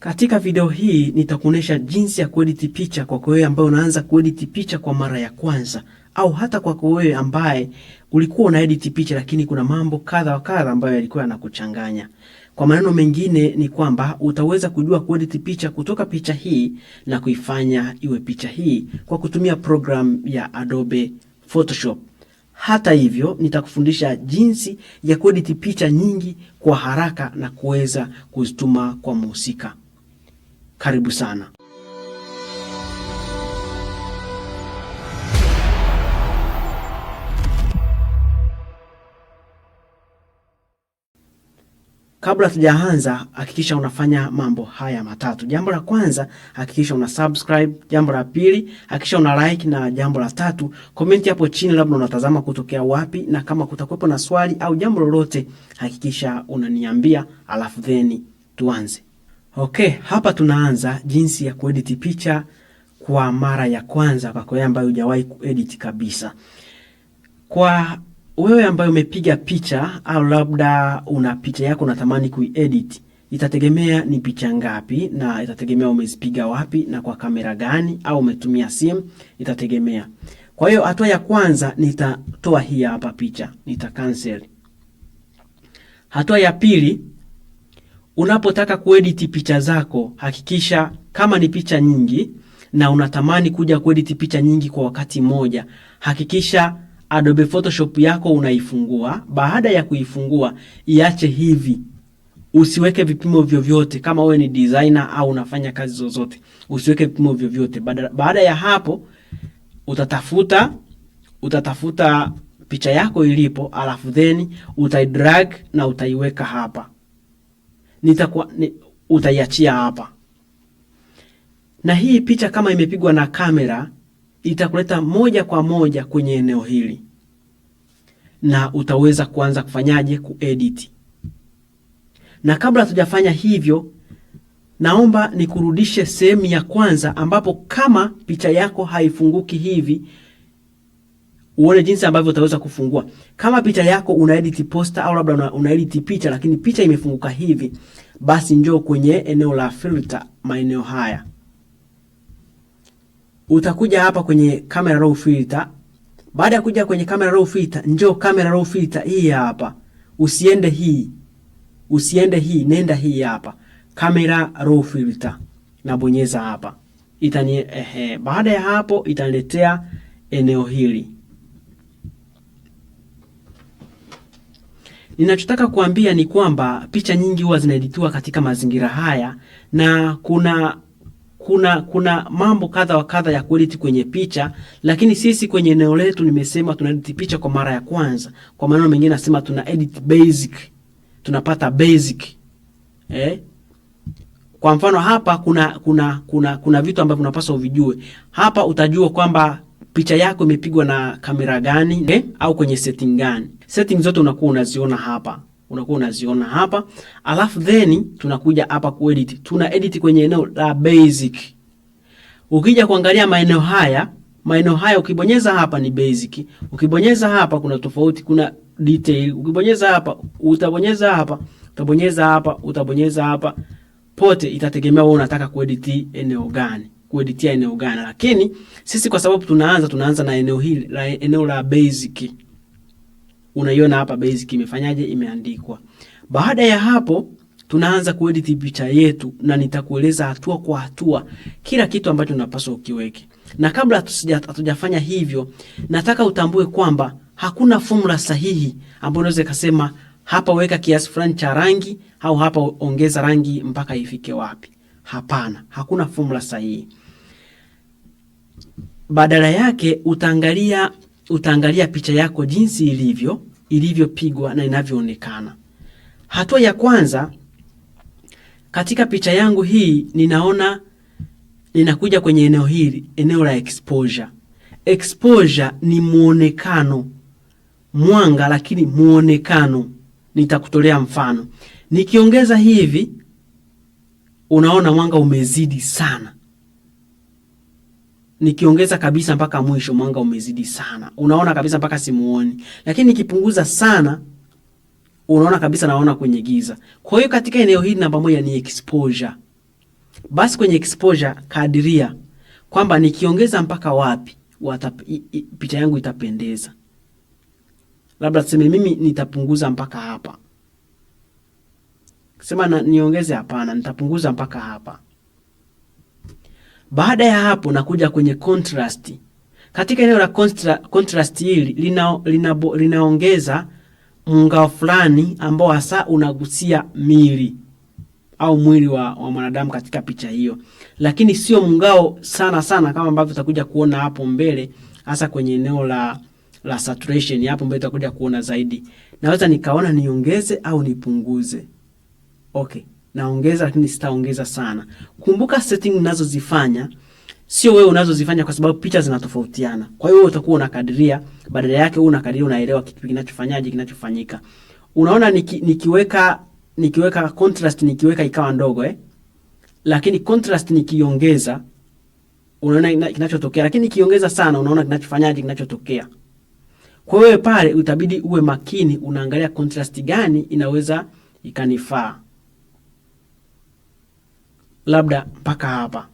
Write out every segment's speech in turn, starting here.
Katika video hii nitakuonesha jinsi ya kuedit picha kwako wewe ambaye unaanza kuedit picha kwa mara ya kwanza, au hata kwako wewe ambaye ulikuwa una edit picha lakini kuna mambo kadha wa kadha ambayo yalikuwa yanakuchanganya. Kwa maneno mengine ni kwamba utaweza kujua kuedit picha kutoka picha hii na kuifanya iwe picha hii kwa kutumia program ya Adobe Photoshop. Hata hivyo nitakufundisha jinsi ya kuedit picha nyingi kwa haraka na kuweza kuzituma kwa muhusika. Karibu sana. Kabla tujaanza, hakikisha unafanya mambo haya matatu. Jambo la kwanza, hakikisha una subscribe. Jambo la pili, hakikisha una like, na jambo la tatu, komenti hapo chini, labda unatazama kutokea wapi, na kama kutakuwepo na swali au jambo lolote, hakikisha unaniambia, alafu theni tuanze. Okay, hapa tunaanza jinsi ya kuedit picha kwa mara ya kwanza kwa wewe ambaye hujawahi kuedit kabisa. Kwa wewe ambaye umepiga picha au labda una picha yako unatamani kuiedit, itategemea ni picha ngapi na itategemea umezipiga wapi na kwa kamera gani au umetumia simu, itategemea. Kwa hiyo hatua ya kwanza nitatoa hii hapa picha, nita cancel. Hatua ya pili Unapotaka kuedit picha zako, hakikisha kama ni picha nyingi na unatamani kuja kuediti picha nyingi kwa wakati mmoja, hakikisha Adobe Photoshop yako unaifungua. Baada ya kuifungua, iache hivi, usiweke vipimo vyovyote. Kama wewe ni designer au unafanya kazi zozote, usiweke vipimo vyovyote. Baada ya hapo, utatafuta utatafuta picha yako ilipo, alafu then utaidrag na utaiweka hapa nitakuwa ni, utaiachia hapa. Na hii picha kama imepigwa na kamera itakuleta moja kwa moja kwenye eneo hili na utaweza kuanza kufanyaje kuedit. Na kabla hatujafanya hivyo, naomba nikurudishe sehemu ya kwanza ambapo kama picha yako haifunguki hivi uone jinsi ambavyo utaweza kufungua. Kama picha yako una edit poster au labda una, una edit picha lakini picha imefunguka hivi, basi njoo kwenye eneo la filter, maeneo haya utakuja hapa kwenye camera raw filter. Baada ya kuja kwenye camera raw filter, njoo camera raw filter hii hapa, usiende hii, usiende hii, nenda hii hapa, camera raw filter, na bonyeza hapa itani, ehe. Baada ya hapo italetea eneo hili Ninachotaka kuambia ni kwamba picha nyingi huwa zinaeditiwa katika mazingira haya na kuna kuna kuna mambo kadha wa kadha ya kuedit kwenye picha, lakini sisi kwenye eneo letu nimesema tuna edit picha kwa mara ya kwanza. Kwa maneno mengine nasema tuna edit basic, tunapata basic eh. Kwa mfano hapa kuna kuna kuna kuna vitu ambavyo unapaswa uvijue. Hapa utajua kwamba picha yako imepigwa na kamera gani okay, eh, au kwenye setting gani. Setting zote unakuwa unaziona hapa unakuwa unaziona hapa, alafu then tunakuja hapa ku edit. Tuna edit kwenye eneo la basic. Ukija kuangalia maeneo haya, maeneo haya ukibonyeza hapa ni basic, ukibonyeza hapa kuna tofauti, kuna detail. Ukibonyeza hapa, utabonyeza hapa, utabonyeza hapa, utabonyeza hapa, pote itategemea wewe unataka kuedit eneo gani kueditia eneo gani, lakini sisi kwa sababu tunaanza tunaanza na eneo hili la eneo la basic. Unaiona hapa basic imefanyaje, imeandikwa. Baada ya hapo tunaanza kuedit picha yetu, na nitakueleza hatua kwa hatua kila kitu ambacho unapaswa ukiweke. Na kabla hatujafanya hivyo, nataka utambue kwamba hakuna fomula sahihi ambayo unaweza ikasema hapa weka kiasi fulani cha rangi au hapa ongeza rangi mpaka ifike wapi. Hapana, hakuna fomula sahihi. Badala yake utaangalia utaangalia picha yako jinsi ilivyo ilivyopigwa na inavyoonekana. Hatua ya kwanza, katika picha yangu hii ninaona ninakuja kwenye eneo hili, eneo la exposure. Exposure ni muonekano, mwanga, lakini muonekano. Nitakutolea mfano nikiongeza hivi unaona mwanga umezidi sana. Nikiongeza kabisa mpaka mwisho, mwanga umezidi sana, unaona kabisa mpaka simuoni, lakini nikipunguza sana, unaona kabisa, naona kwenye giza. Kwa hiyo katika eneo hili namba moja ni exposure. Basi kwenye exposure kadiria kwamba nikiongeza mpaka wapi watap, i, i, picha yangu itapendeza. Labda tuseme mimi nitapunguza mpaka hapa kusema na, niongeze hapana, nitapunguza mpaka hapa. Baada ya hapo nakuja kwenye contrast. Katika eneo la contrast hili lina, lina, linaongeza mngao fulani ambao hasa unagusia mili au mwili wa, wa mwanadamu katika picha hiyo, lakini sio mngao sana sana kama ambavyo utakuja kuona hapo mbele, hasa kwenye eneo la la saturation. Hapo mbele utakuja kuona zaidi, naweza nikaona niongeze au nipunguze okay, naongeza lakini sitaongeza sana. Kumbuka setting nazozifanya sio wewe unazozifanya, kwa sababu picha zinatofautiana. Kwa hiyo utakuwa unakadiria, badala yake wewe unakadiria, unaelewa kitu kinachofanyaje, kinachofanyika. Unaona niki, nikiweka nikiweka contrast nikiweka ikawa ndogo eh, lakini contrast nikiongeza, unaona kinachotokea, lakini nikiongeza sana, unaona kinachofanyaje, kinachotokea. Kwa hiyo pale utabidi uwe makini, unaangalia contrast gani inaweza ikanifaa labda mpaka hapa.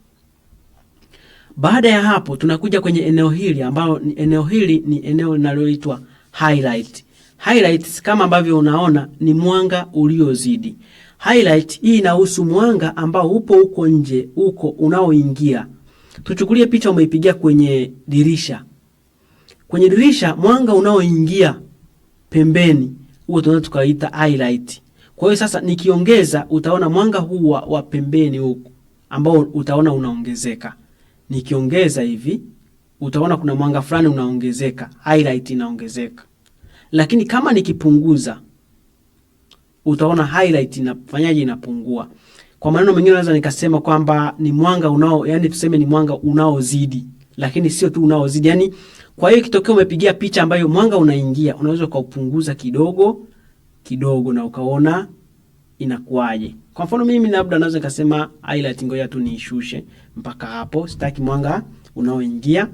Baada ya hapo, tunakuja kwenye eneo hili ambalo eneo hili ni eneo linaloitwa highlight. Highlights kama ambavyo unaona ni mwanga uliozidi. Highlight hii inahusu mwanga ambao upo huko nje, huko unaoingia. Tuchukulie picha umeipigia kwenye dirisha. Kwenye dirisha mwanga unaoingia pembeni, huo tunaweza tukaita highlight. Kwa hiyo sasa nikiongeza, utaona mwanga huu wa wa pembeni huku ambao utaona unaongezeka. Nikiongeza hivi, utaona kuna mwanga fulani unaongezeka, highlight inaongezeka. Lakini kama nikipunguza, utaona highlight inafanyaje? Inapungua. Kwa maneno mengine, naweza nikasema kwamba ni mwanga unao, yani tuseme ni mwanga unaozidi, lakini sio tu unaozidi yani. Kwa hiyo ikitokea umepigia picha ambayo mwanga unaingia, unaweza ukaupunguza kidogo kidogo na ukaona inakuwaje. Kwa mfano mimi labda naweza nikasema highlight, ngoja tu niishushe mpaka hapo, sitaki mwanga unaoingia.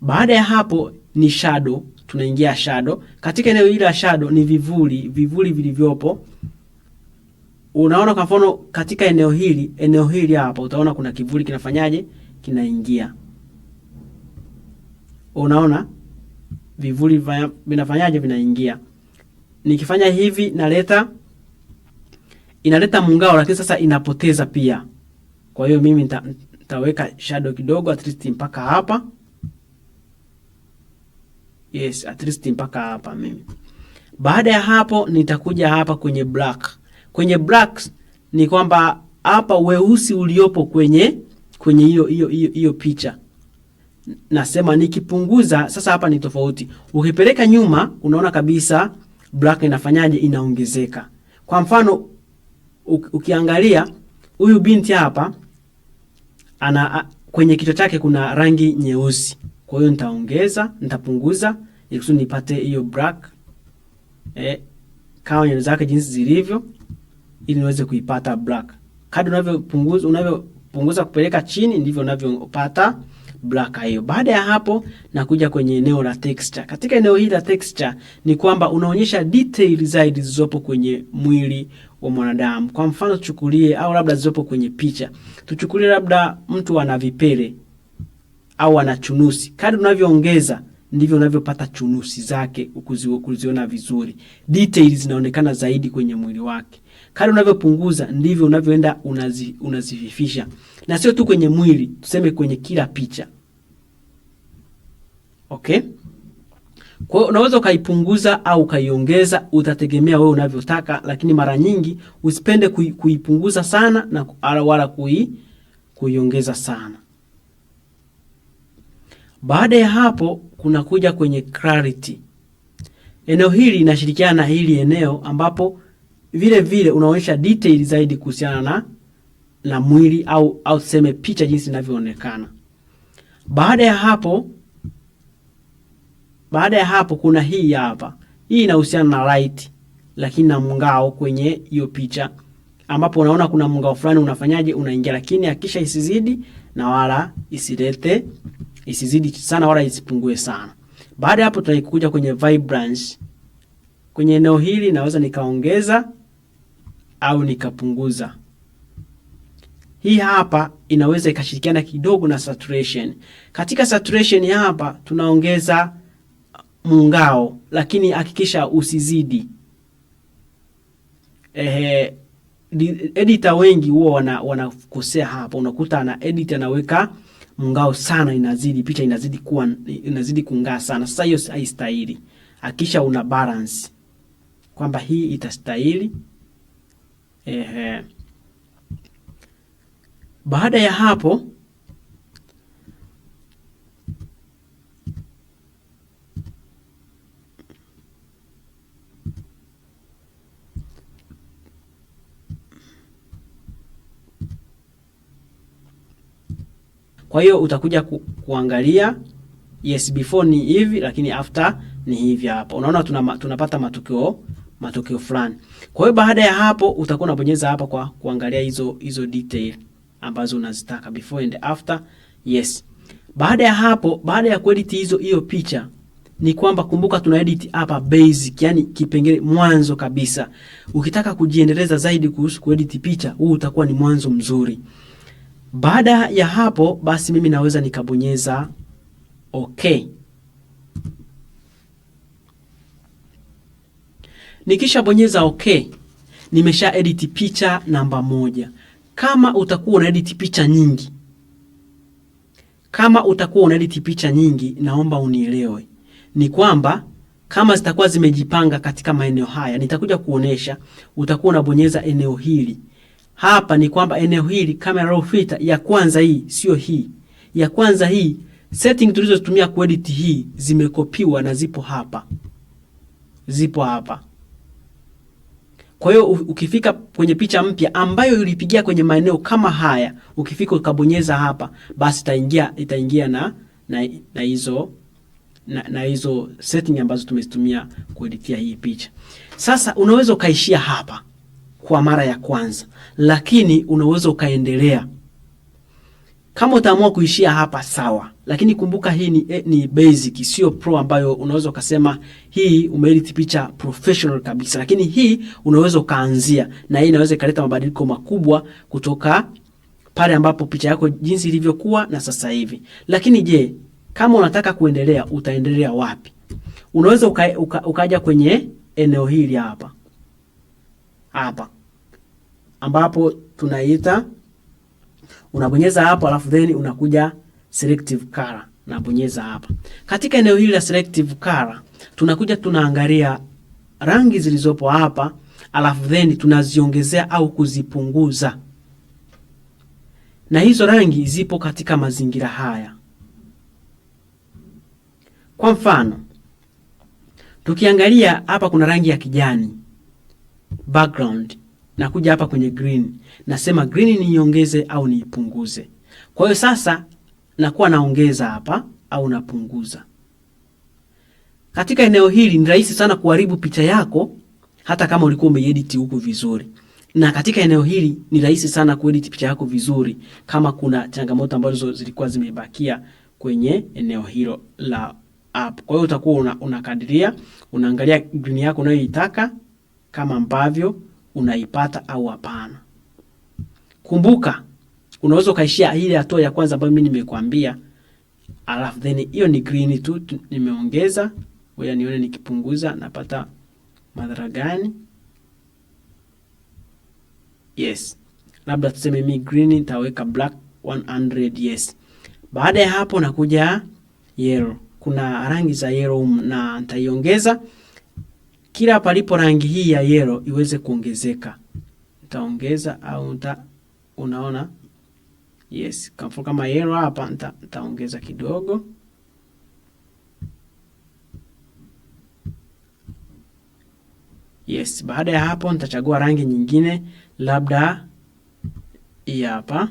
Baada ya hapo ni shadow, tunaingia shadow. Katika eneo hili la shadow ni vivuli, vivuli vilivyopo. Unaona, kwa mfano katika eneo hili, eneo hili hapa utaona kuna kivuli kinafanyaje, kinaingia. Unaona vivuli vinafanyaje, vinaingia nikifanya hivi naleta inaleta mungao lakini sasa inapoteza pia. Kwa hiyo mimi nitaweka shadow kidogo at least mpaka hapa. Yes, at least mpaka hapa mimi. Baada ya hapo nitakuja hapa kwenye black. Kwenye black ni kwamba hapa weusi uliopo kwenye kwenye hiyo hiyo hiyo picha nasema nikipunguza sasa, hapa ni tofauti. Ukipeleka nyuma, unaona kabisa black inafanyaje? Inaongezeka. Kwa mfano ukiangalia huyu binti hapa ana kwenye kichwa chake kuna rangi nyeusi, kwa hiyo nitaongeza, nitapunguza ili kusudi nipate hiyo black eh, kama nywele zake jinsi zilivyo, ili niweze kuipata black. Kadri unavyopunguza unavyopunguza kupeleka chini, ndivyo unavyopata black hiyo. Baada ya hapo nakuja kwenye eneo la texture. Katika eneo hili la texture ni kwamba unaonyesha detail zaidi zilizopo kwenye mwili wa mwanadamu. Kwa mfano tuchukulie, au labda zilizopo kwenye picha, tuchukulie labda mtu ana vipele au ana chunusi. Kadri unavyoongeza ndivyo unavyopata chunusi zake ukuziona vizuri, details zinaonekana zaidi kwenye mwili wake. Kadri unavyopunguza ndivyo unavyoenda unazififisha, na sio tu kwenye mwili, tuseme kwenye kila picha. Okay? Kwa hiyo unaweza ukaipunguza au ukaiongeza, utategemea wewe unavyotaka, lakini mara nyingi usipende kui, kuipunguza sana na ala wala kui, kuiongeza sana. Baada ya hapo kuna kuja kwenye clarity. Eneo hili linashirikiana na hili eneo ambapo vile vile unaonyesha detail zaidi kuhusiana na, na mwili au, au tuseme picha jinsi inavyoonekana. Baada ya hapo baada ya hapo kuna hii hapa, hii inahusiana na light, lakini na mngao kwenye hiyo picha, ambapo unaona kuna mngao fulani unafanyaje, unaingia, lakini hakisha isizidi na wala isilete isizidi sana wala isipungue sana. Baada ya hapo tunaikuja kwenye vibrance. Kwenye eneo hili naweza nikaongeza au nikapunguza. Hii hapa inaweza ikashirikiana kidogo na saturation. Katika saturation hapa tunaongeza mungao, lakini hakikisha usizidi. Ehe, editor wengi huwa wana, wanakosea hapo. Unakuta ana edit anaweka mungao sana, inazidi picha inazidi kuwa inazidi kungaa sana. Sasa hiyo haistahili. Hakikisha una balance kwamba hii itastahili. Ehe, baada ya hapo Kwa hiyo utakuja ku, kuangalia yes before ni hivi lakini after ni hivi hapa. Unaona tuna, tunapata matukio matukio fulani. Kwa hiyo baada ya hapo utakuwa unabonyeza hapa kwa kuangalia hizo hizo detail ambazo unazitaka before and after. Yes. Baada ya hapo, baada ya kuedit hizo hiyo picha ni kwamba kumbuka tuna edit hapa basic, yani kipengele mwanzo kabisa. Ukitaka kujiendeleza zaidi kuhusu kuedit picha, huu utakuwa ni mwanzo mzuri. Baada ya hapo basi mimi naweza nikabonyeza okay. bonyeza okay, nimesha edit picha namba moja. Kama utakuwa una edit picha nyingi, kama utakuwa una edit picha nyingi, naomba unielewe, ni kwamba kama zitakuwa zimejipanga katika maeneo haya, nitakuja kuonesha, utakuwa unabonyeza eneo hili hapa ni kwamba eneo hili camera raw filter ya kwanza hii, sio hii ya kwanza hii, setting tulizotumia kuedit hii zimekopiwa na zipo hapa, zipo hapa. Kwa hiyo ukifika kwenye picha mpya ambayo ulipigia kwenye maeneo kama haya, ukifika ukabonyeza hapa, basi itaingia itaingia na na, na hizo na, na hizo setting ambazo tumezitumia kueditia hii picha. Sasa unaweza ukaishia hapa kwa mara ya kwanza, lakini unaweza ukaendelea. Kama utaamua kuishia hapa sawa, lakini kumbuka hii ni, eh, ni basic, sio pro ambayo unaweza ukasema hii umeedit picha professional kabisa, lakini hii unaweza ukaanzia na hii inaweza ikaleta mabadiliko makubwa kutoka pale ambapo picha yako jinsi ilivyokuwa na sasa hivi. Lakini je, kama unataka kuendelea utaendelea wapi? Unaweza uka, uka, ukaja kwenye eneo hili hapa hapa ambapo tunaita unabonyeza hapo, alafu then unakuja selective color, nabonyeza hapa. Katika eneo hili la selective color tunakuja tunaangalia rangi zilizopo hapa, alafu then tunaziongezea au kuzipunguza, na hizo rangi zipo katika mazingira haya. Kwa mfano tukiangalia hapa, kuna rangi ya kijani background nakuja hapa kwenye green, nasema green niiongeze au niipunguze. Kwa hiyo sasa nakuwa naongeza hapa au napunguza. Katika eneo hili ni rahisi sana kuharibu picha yako hata kama ulikuwa umeedit huku vizuri. Na katika eneo hili ni rahisi sana kuedit picha yako vizuri kama kuna changamoto ambazo zilikuwa zimebakia kwenye eneo hilo la app. Kwa hiyo utakuwa unakadiria, una unaangalia green yako unayoitaka kama ambavyo unaipata au hapana. Kumbuka, unaweza ukaishia ile hatua ya kwanza ambayo mimi nimekwambia, alafu then hiyo ni green tu nimeongeza. oya, nione nikipunguza napata madhara gani? Yes, labda tuseme mi green nitaweka black 100. Yes, baada ya hapo nakuja yellow. Kuna rangi za yellow na nitaiongeza kila palipo rangi hii ya yellow iweze kuongezeka. Nitaongeza au nita, unaona yes, kamfu kama yellow hapa nita, nitaongeza kidogo yes. Baada ya hapo nitachagua rangi nyingine, labda hii hapa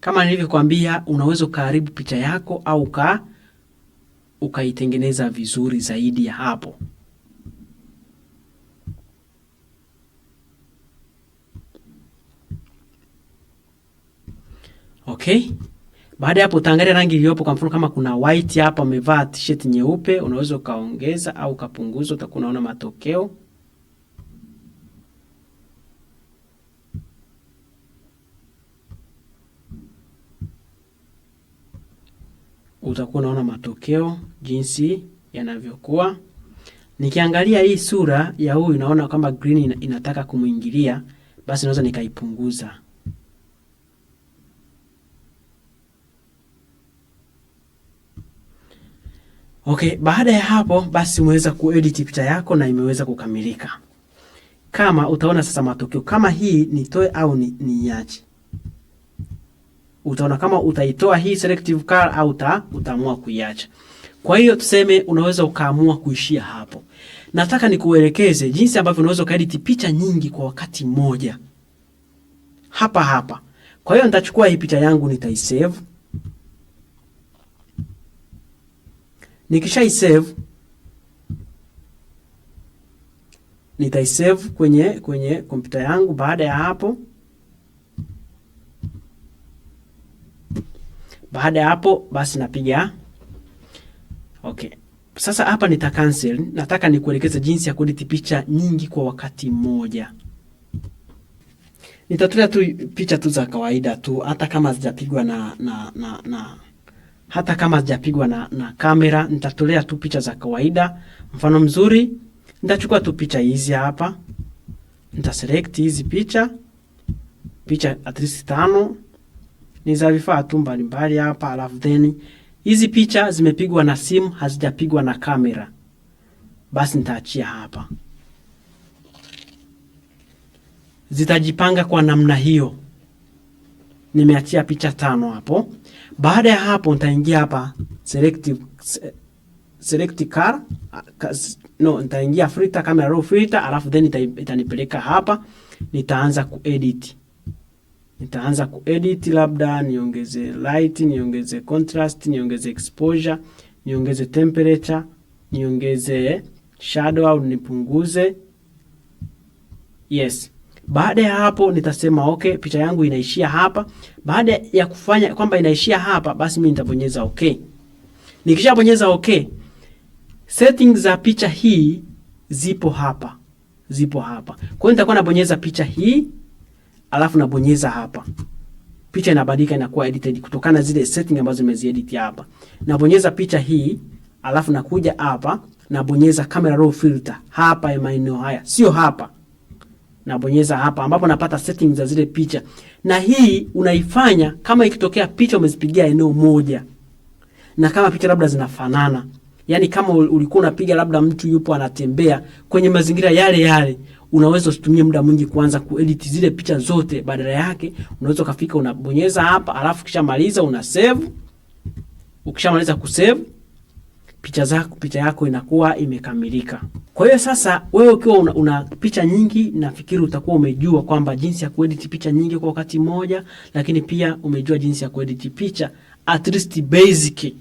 kama nilivyokuambia, unaweza ukaharibu picha yako au ka ukaitengeneza vizuri zaidi ya hapo. Okay. Baada ya hapo utaangalia rangi iliyopo. Kwa mfano kama kuna white hapa, umevaa t-shirt nyeupe, unaweza ukaongeza au ukapunguza, utakuwa unaona matokeo. utakuwa unaona matokeo jinsi yanavyokuwa. Nikiangalia hii sura ya huyu naona kwamba green inataka kumwingilia, basi naweza nikaipunguza. Okay, baada ya hapo basi umeweza kuedit picha yako na imeweza kukamilika. Kama utaona sasa matokeo kama hii nitoe au niache ni utaona kama utaitoa hii selective car au uta, utaamua kuiacha. Kwa hiyo tuseme unaweza ukaamua kuishia hapo. Nataka nikuelekeze jinsi ambavyo unaweza ukaedit picha nyingi kwa wakati mmoja hapa hapa. Kwa hiyo nitachukua hii picha yangu nitaisave. Nikishaisave nitaisave kwenye kwenye kompyuta yangu. Baada ya hapo Baada ya hapo basi napiga okay. Sasa hapa nita cancel. Nataka nikuelekeze jinsi ya kuedit picha nyingi kwa wakati mmoja. Nitatolea tu picha tu za kawaida tu, hata kama zijapigwa na, na, na, na hata kama zijapigwa na, na kamera. Nitatolea tu picha za kawaida. Mfano mzuri, nitachukua tu picha hizi hapa, nitaselect hizi picha, picha at least tano ni za vifaa tu mbalimbali hapa, alafu then hizi picha zimepigwa na simu, hazijapigwa na kamera. Basi nitaachia hapa, zitajipanga kwa namna hiyo. Nimeachia picha tano hapo. Baada ya hapo nitaingia hapa select select car no, nitaingia filter camera raw filter, alafu then itanipeleka hapa, nitaanza kuedit nitaanza kuedit, labda niongeze light, niongeze contrast, niongeze exposure, niongeze temperature, niongeze shadow au nipunguze. Yes. Baada ya hapo nitasema okay, picha yangu inaishia hapa. Baada ya kufanya kwamba inaishia hapa, basi mimi nitabonyeza okay. Nikishabonyeza okay, settings za picha hii zipo hapa, zipo hapa. Kwa hiyo nitakuwa nabonyeza picha hii alafu nabonyeza hapa, picha inabadilika inakuwa edited kutokana na zile setting ambazo nimeziedit hapa. Nabonyeza picha hii, alafu nakuja hapa, nabonyeza camera raw filter hapa ya maeneo haya, sio hapa nabonyeza hapa ambapo napata settings za zile picha, na hii unaifanya kama ikitokea picha umezipigia eneo moja, na kama picha labda zinafanana, yani kama ulikuwa unapiga labda mtu yupo anatembea kwenye mazingira yale yale, unaweza usitumie muda mwingi kuanza kuedit zile picha zote, badala yake unaweza ukafika unabonyeza hapa, alafu ukishamaliza una save. Ukishamaliza kusave picha zako, picha yako inakuwa imekamilika. Kwa hiyo sasa, wewe ukiwa una, una picha nyingi, nafikiri utakuwa umejua kwamba jinsi ya kuedit picha nyingi kwa wakati mmoja, lakini pia umejua jinsi ya kuedit picha at least basic,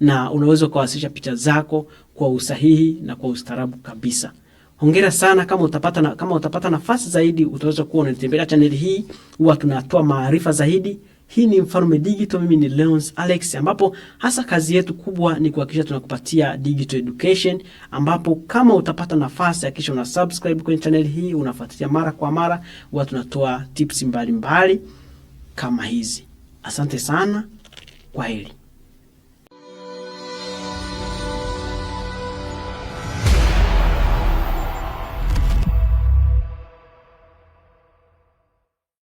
na unaweza ukawasilisha picha zako kwa usahihi na kwa ustaarabu kabisa. Hongera sana kama utapata na, kama utapata nafasi zaidi utaweza kuwa unatembelea chaneli hii, huwa tunatoa maarifa zaidi. Hii ni Mfalme Digital, mimi ni Leons Alex, ambapo hasa kazi yetu kubwa ni kuhakikisha tunakupatia digital education, ambapo kama utapata nafasi hakikisha una subscribe kwenye chaneli hii, unafuatilia mara kwa mara, huwa tunatoa tips mbalimbali mbali kama hizi. Asante sana, hili